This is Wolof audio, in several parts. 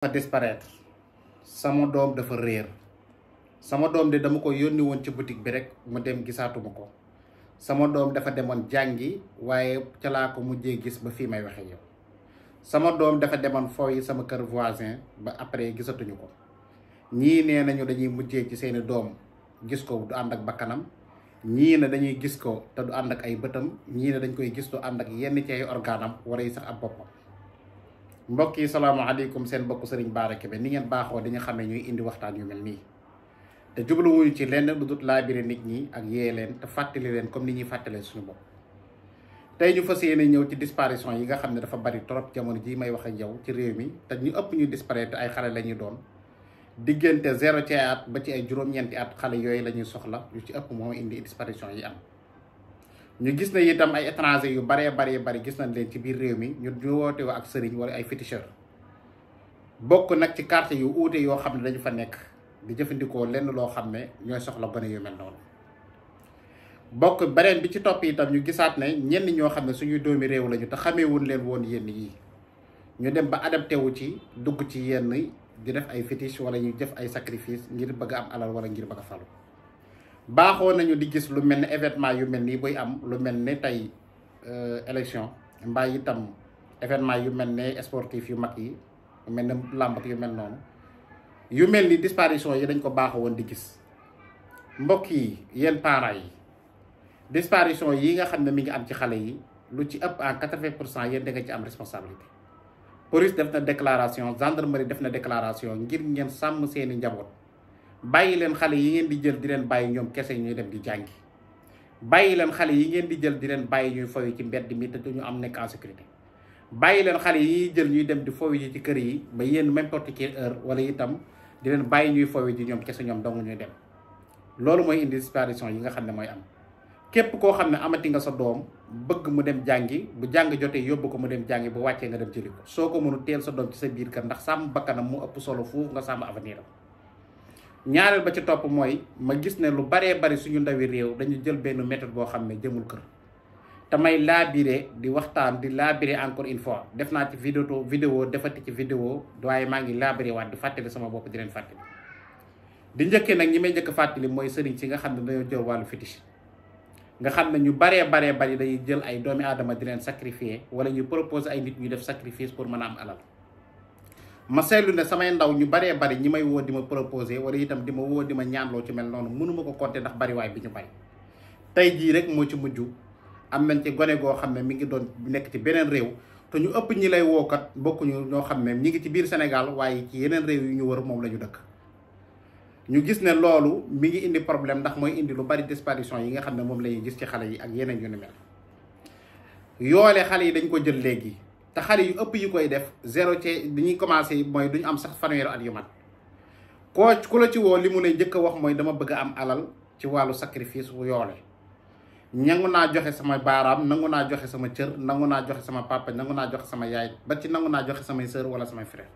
dafa disparaître sama doom dafa réer sama doom de dama ko yónni woon ci boutique bi rek mu dem gisaatuma ko sama doom dafa demoon jàngi waaye ca ko mujjee gis ba fii may waxee yow sama doom dafa demoon foo yi sama kër voisin ba après gisatuñu ko ñii nee nañu dañuy mujjee ci seeni doom gis ko du ànd ak bakkanam ñii ne dañuy gis ko te du ànd ak ay bëtam ñii ne dañ koy gis du ànd ak yenn ci ay organam wala yi sax ab boppam mbokk yi salaamaaleykum seen mbokk Serigne Bara Kébé ni ngeen baaxoo dañu xamee ñuy indi waxtaan yu mel nii te jubluwuñu ci lenn lu dut laabire nit ñi ak yee leen te fàttali leen comme ni ñuy fàttalee suñu bopp. tey ñu fas yéene ñëw ci disparition yi nga xam ne dafa bari trop jamono jii may wax ak ci réew mi te ñu ëpp ñu disparaître ay xale la ñuy doon diggante zéro ci at ba ci ay juróom-ñeenti at xale yooyu la ñuy soxla yu ci ëpp moo indi disparition yi am. ñu gis nañ itam ay étranger yu baree baree bari gis nañ leen ci biir réew mi ñu ñu woote ak sëriñ wala ay féticheur bokk nag ci quartier yu uute yoo xam ne dañu fa nekk di jëfandikoo lenn loo xam ne ñooy soxla gone yu mel noonu bokk beneen bi ci topp itam ñu gisaat ne ñenn ñoo xam ne suñuy doomi réew lañu te xameewuñ leen woon yenn yi ñu dem ba adapté wu ci dugg ci yenn di def ay fétiche wala ñu def ay sacrifice ngir bëgg am alal wala ngir bëgg baaxoo nañu di gis lu mel ni événement yu mel nii buy am lu mel ne tey euh, élection mbaa itam événement yu mel ne sportif yu mag yi yu mel ne làmb yu mel noonu yu mel ni disparition yi dañ ko baaxoo woon di gis mbokk yi yenn parents yi disparition yi nga xam ne mi ngi am ci xale yi lu ci ëpp en quatre-vingt pour cent yéen da nga ci am responsabilité police def na déclaration gendarmerie def na déclaration ngir ngeen sàmm seeni njaboot bàyyi leen xale yi ngeen di jël di leen bàyyi ñoom kese ñuy dem di jàngi bàyyi leen xale yi ngeen di jël di leen bàyyi ñuy fowi ci mbedd mi te ñu am nekk en sécurité bàyyi leen xale yi ñuy jël ñuy dem di fowi ji ci kër yi ba yéen n'importe heure wala itam di leen bàyyi ñuy fowi ji ñoom kese ñoom dong ñuy dem loolu mooy indi disparition yi nga xam ne mooy am képp koo xam ne amati nga sa doom bëgg mu dem jàngi bu jàng jotee yóbbu ko mu dem jàngi bu wàccee nga dem jëli ko soo ko sa doom sa biir ndax sàmm bakkanam mu ëpp solo foofu nga sàmm avenir am ñaareel ba ci topp mooy ma gis ne lu baree bari suñu ndawi réew dañu jël benn méthode boo xam ne jëmul kër te may laabiré di waxtaan di laabiré encore une fois def naa ci vidéo vidéo defati ci vidéo waaye maa ngi laabiré waat di fàttali sama bopp di leen fàttali di njëkkee nag ñi may njëkk fàttali mooy sëriñ ci nga xam ne dañoo jël wàllu fétiche nga xam ne ñu baree baree bari dañuy jël ay doomi aadama di leen sacrifier wala ñu propose ay nit ñu def sacrifice pour mën am alal ma seetlu ne samay ndaw ñu baree bari ñi may woo di ma proposé wala itam di ma woo di ma ñaanloo ci mel noonu mënuma ko compter ndax bariwaay bi ñu bari tey jii rek moo ci mujj am nañ ci gone goo xam ne mi ngi doon nekk ci beneen réew te ñu ëpp ñi lay wookat bokkuñu ñoo xam ne ñi ngi ci biir Sénégal waaye ci yeneen réew yi ñu war moom la ñu dëkk ñu gis ne loolu mi ngi indi problème ndax mooy indi lu bari disparition yi nga xam ne moom la ñuy gis ci xale yi ak yeneen yu yoole xale yi dañ ko jël léegi te xale yu ëpp yu koy def zéro ci dañuy commencé mooy duñu am sax fanweeri at yu mat koo ku la ci woo li mu lay njëkk a wax mooy dama bëgg am alal ci wàllu sacrifice wu yoole nangu naa joxe sama baaraam nangu naa joxe sama cër nangu naa joxe sama papa nangu naa joxe sama yaay ba ci nangu naa joxe samay sœur wala samay frère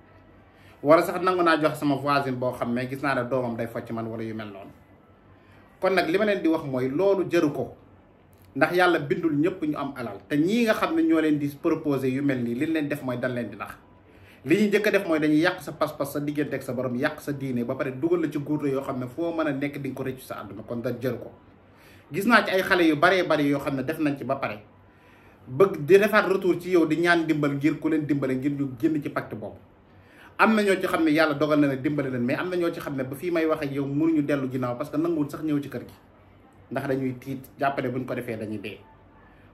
wala sax nangu naa joxe sama voisine boo xam ne gis naa ne doomam day focc man wala yu mel noonu kon nag li ma leen di wax mooy loolu jëru ko ndax yàlla bindul ñëpp ñu am alal te ñii nga xam ne ñoo leen di proposé yu mel nii li leen def mooy dañ leen di nax li ñu jëkk a def mooy dañuy yàq sa pas-pas sa diggante ak sa borom yàq sa diine ba pare dugal la ci guurte yoo xam ne foo mën a nekk di nga ko sa àdduna kon da jëru ko gis naa ci ay xale yu baree bari yoo xam ne def nañ ci ba pare bëgg di defaat retour ci yow di ñaan dimbal ngir ku leen dimbale ngir ñu génn ci pacte boobu am na ñoo ci xam ne yàlla dogal na ne dimbale leen mais am na ñoo ci xam ne ba fi may wax ak yow mënuñu dellu parce que nanguwul sax ñëw ci kër gi ndax dañuy tiit jàppale ñu ko defee dañuy dee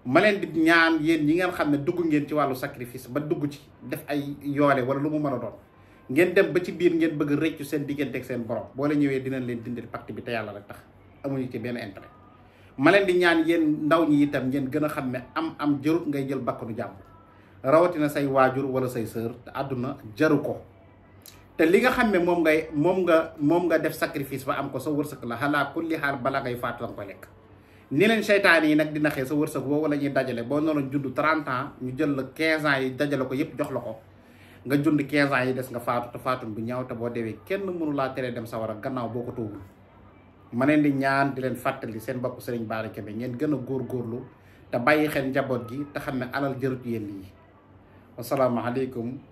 ma leen di ñaan yéen ñi ngeen xam ne dugg ngeen ci wàllu sacrifice ba dugg ci def ay yoole wala lu mu mën a doon ngeen dem ba ci biir ngeen bëgg rëccu seen diggante ak seen borom boo la ñëwee dinañ leen dindil pacte bi te yàlla rek tax amuñu ci benn intérêt ma leen di ñaan yéen ndaw ñi itam ngeen gën a xam ne am am jarut ngay jël bakkanu jàmm rawatina say waajur wala say sœur te àdduna jaru ko te li nga xam ne moom ngay moom nga moom nga def sacrifice ba am ko sa wërsëg la xalaa kulli xaal bala ngay faatu nga ko lekk ni leen seytaan yi nag dina xëy sa wërsëg woowu la ñuy dajale boo noonu jund 30 ans ñu jël la 15 ans yi dajale ko yëpp jox la ko nga jund 15 ans yi des nga faatu te faatun bu ñaaw te boo deewee kenn mënu laa teree dem sawara gannaaw boo ko tuubul ma leen di ñaan di leen fàttali seen bokk sëriñ Bara Kebe ngeen gën a góor góorlu te bàyyi xel njaboot gi te xam ne alal jërut yéen yi wasalaamaaleykum